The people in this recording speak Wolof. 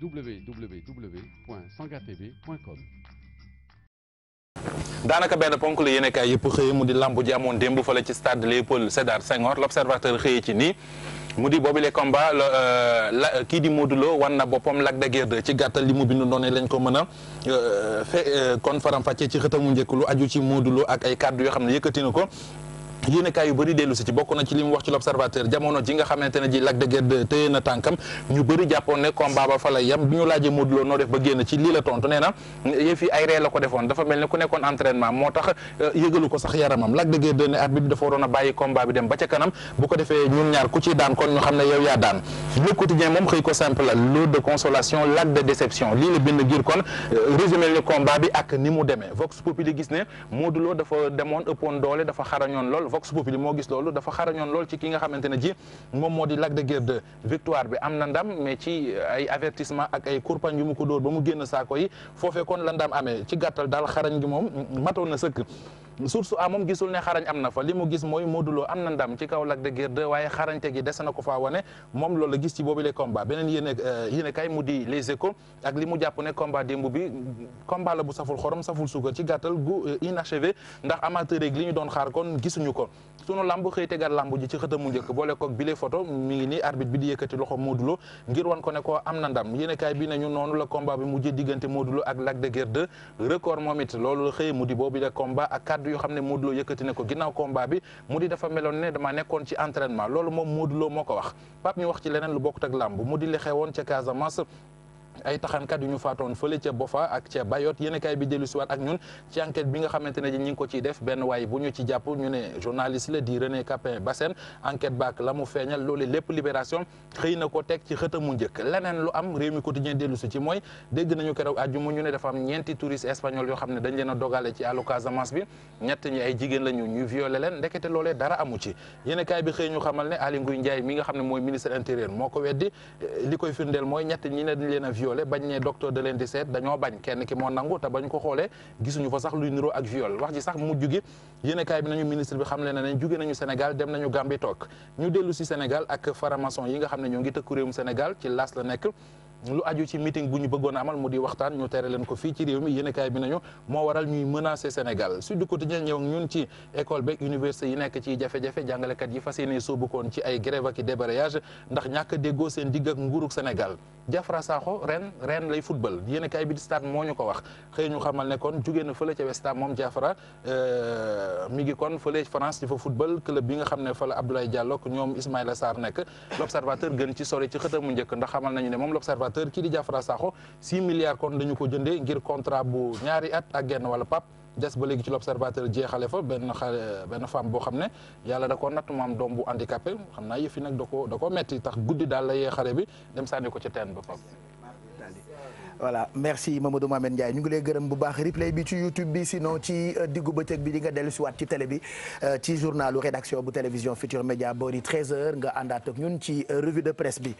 www.sangatv.com daanaka benn ponk la yéene kaay yëpp xëye mu di lamb ji amoon démb fale ci stade Léopold Sédar Senghor l'observateur xëye ci nii mu di boobu les euh, la kii di Modou Lo wan na boppam Lac de Guiers ci gàttal li mu bindu noonu lañ ko mën a euh, fe euh, kon faram-fàccee ci xëtamu njëkk lu aju ci Modou ak ay kàddu yoo xam ne yëkkati na ko yéenekaay yu bari dellu si ci bokk na ci li wax ci l'observateur jamono ji nga xamante ne ji Lac de Guiers téye na tànkam ñu bëri jàppoon ne combat ba fa lay yam bi ñu laajee Modou Lo noo def ba génn ci lii la tontu nee na ay ree ko defoon dafa mel ne ku nekkoon entraînement moo tax euh, yëgalu ko sax yaramam Lac de Guiers ne arbitre bi dafa waroon dem ba ca kanam bu ko defee ñun ñaar ku ci daan kon ñu xam ne yow yaa daan Le Quotidien moom xëy ko simple la lot de consolation Lac de déception lii la bind ngir kon euh, résumé le combat bi ak ni mu demee Vox Populi gis ne Modou Lo dafa demoon ëppoon doole dafa xarañoon lool Vox Populi moo gis loolu dafa xarañoon lool ci ki nga xamante ne ji moom moo di Lac de Guiers victoire bi am na ndam mais ci ay avertissement ak ay kurpañ yu mu ko dóor ba mu génn saako yi foofee kon la ndam amee ci gàttal daal xarañ gi moom matoon na sëkk source a moom gisul ne xarañ am na fa li mu gis mooy Modou Lo am na ndam ci kaw Lac de Guiers 2 waaye xarañte gi na ko faa wane moom loolu la gis ci boobu le combat beneen yéene euh, yéene kay li mu jàpp ne combat démb bi combat la bu saful xorom saful suukar ci gàttal gu euh, inachevé ndax amateur yi li ñu doon xaar kon gisuñu ko sunu lamb xëy tegal lamb ji ci xëtamu njëkk boole koog bile photo mi ngi nii arbitre bi di yëkkati loxo Modou Lo ngir wan ko ne ko am na ndam yéene kay bi nañu noonu la combat bi mujjee diggante Modou Lo ak Lac de Guiers 2 record moom it loolu xëy mu di boobu le combat ak kaddu kàddu yoo xam ne Modou Lo yëkkati na ko ginnaaw combat bi mu dafa meloon ne dama nekkoon ci entraînement loolu moom Modou Lo moo ko wax Pape ñu wax ci leneen lu bokkut ak làmb mu di li xewoon ca Casamance ay taxankat yu ñu faatoon fële ca Bofa ak ca Bayot yéenekaay bi dellu siwaat ak ñun ci enquête bi nga xamante ne ñi ngi ko ciy def benn waaye bu ñu ci jàpp ñu ne la di René Capin Bassène enquête baak la feeñal loole lépp libération xëy na ko teg ci xëtamu njëkk leneen lu am réew mi quotidien dellu si ci mooy dégg nañu keroog àjjuma ñu ne dafa ñeenti touriste espagnol yoo xam ne dañ leen a dogale ci àllu Casamance bi ñett ñi ay jigéen la violé bañ ne docteur da leen di seet dañoo bañ kenn ki moo nangu te bañ ko xoolee gisuñu fa sax lu niroo ak viol wax ji sax mu gi yéenekaay bi nañu ministre bi xam leen ne jóge nañu Sénégal dem nañu Gambie toog ñu dellu si Sénégal ak faramaçon yi nga xam ne ñoo ngi tëkku réewum Sénégal ci laas la nekk lu aju ci meeting bu ñu bëggoon amal mu di waxtaan ñu tere leen ko fii ci réew mi yéenekaay bi nañu moo waral ñuy menacer Sénégal Sud Quotidien ñëw ñun ci école beeg université yi nekk ci jafe-jafe jàngalekat yi fas yéene soobukoon ci ay grève ak i débrayage ndax ñàkk déggoo seen digg ak nguurug Sénégal Diafra Sakho ren ren lay football yéen a kaay bi di moo ñu ko wax xëy ñu xamal ne kon jugee na fële ca West Ham moom Diafra euh, mi ngi kon fële France di fa football club bi nga xam ne fa la Abdoulaye Diallo ak ñoom Ismaïla Sarr nekk l'observateur gën ci sore ci xëtamu njëkk ndax xamal nañu ne moom l'observateur kii di Diafra Sakho 6 milliards kon dañu ko jëndee ngir contrat bu ñaari at ak genn wala papp des ba léegi ci l'observateur jeexale fa benn xale boo xam ne yàlla da ko natt mu am doom bu handicapé xam naa yëf yi nag da koo da koo metti tax guddi daal la yee xale bi dem sànni ko ci teen ba Pape voilà merci Mamadou Mohamed Ndiaye ñu ngi lay gërëm bu baax replay bi ci YouTube bi sinon ci diggu bëccëg bi di nga dellu si waat ci télé bi euh, ci journalu rédaction bu télévision Futur Média boori 13h nga àndaat ak ñun ci euh, revue de presse bi.